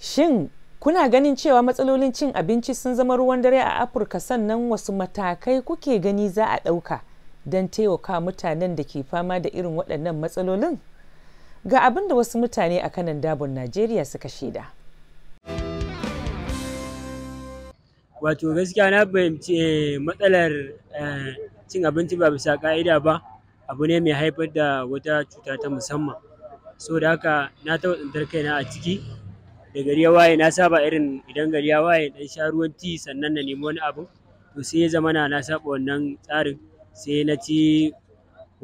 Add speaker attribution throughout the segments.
Speaker 1: Shin kuna ganin cewa matsalolin cin abinci sun zama ruwan dare a Afirka sannan wasu matakai kuke gani za a ɗauka don taimaka mutanen da ke fama da irin waɗannan matsalolin? Ga abin da wasu mutane a kanan dabon Najeriya suka shaida.
Speaker 2: Wato gaskiya na fahimci eh, matsalar eh, cin abinci ba bisa ka'ida ba abu ne mai haifar da wata cuta ta musamman. So da haka na taɓa tsintar kaina a ciki da gari ya waye na saba irin idan gari ya waye dan sha ruwan ti sannan na nemi wani abu to sai ya zama na na saba wannan tsarin sai na ci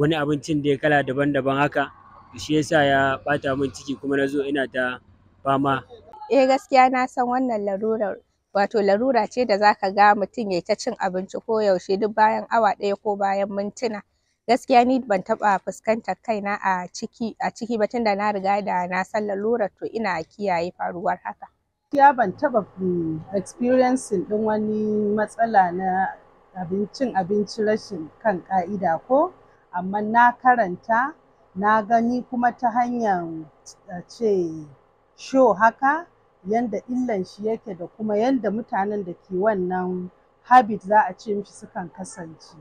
Speaker 2: wani abincin da ya kala daban-daban haka shi yasa ya bata min ciki kuma na zo ina ta fama
Speaker 3: eh gaskiya na san wannan larurar wato larura ce da zaka ga mutum ya ta cin abinci ko yaushe duk bayan awa ɗaya ko bayan mintuna gaskiya ni ban taɓa fuskantar kaina a ciki a ciki ba tunda na riga da na san lalurar to ina kiyaye faruwar haka
Speaker 1: gaskiya ban taɓa mm, experiencing ɗin wani matsala na abincin abinci rashin kan ƙa'ida ko amma na karanta na gani kuma ta hanyar eh, ce show haka yanda illan shi yake da kuma yanda mutanen da ke wannan habit za a ce mishi sukan kasance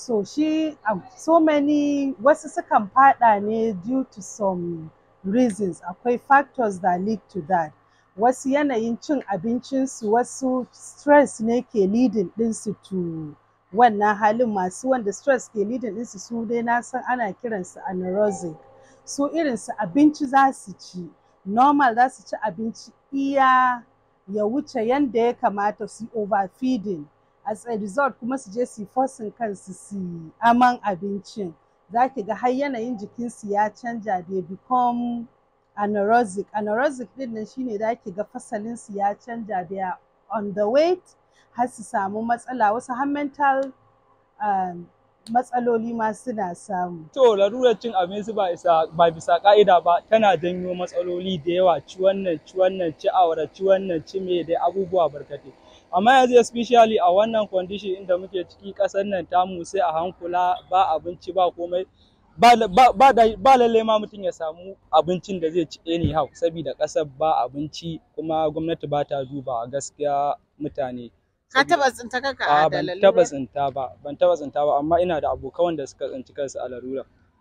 Speaker 1: so she um, so many wasu sukan fada ne due to some reasons akwai factors that lead to that wasu yanayin cin abincinsu wasu stress ne ke leading ɗinsu to wannan halin masu wanda stress ke leading ɗinsu su dai na san ana kiransu anorexic su irinsu abinci za su ci normal za su ci abinci iya ya wuce yanda ya kamata su overfeeding as a result kuma su je su fosin kansu su aman abincin za ki ga har yanayin jikinsu ya canja da become anorexic anorexic din nan shine za ki ga fasalinsu ya canja da are on the weight har su samu matsala wasu har mental um, matsaloli ma suna samu.
Speaker 4: To larurar cin abinci ba isa ba bisa ka'ida ba tana janyo matsaloli da yawa ci wannan ci wannan ci awara ci wannan ci me da abubuwa barkatai. amma yanzu especially a wannan condition inda muke ciki ƙasar nan tamu sai a hankula ba abinci ba komai ba lallai ma mutum ya samu abincin da zai ci hau. saboda ƙasar ba abinci kuma gwamnati ba ta duba gaskiya mutane ka taba tsinta kanka a da ban taba tsinta ba ban taba tsinta ba amma ina da abokan wanda suka tsinci kansu a larura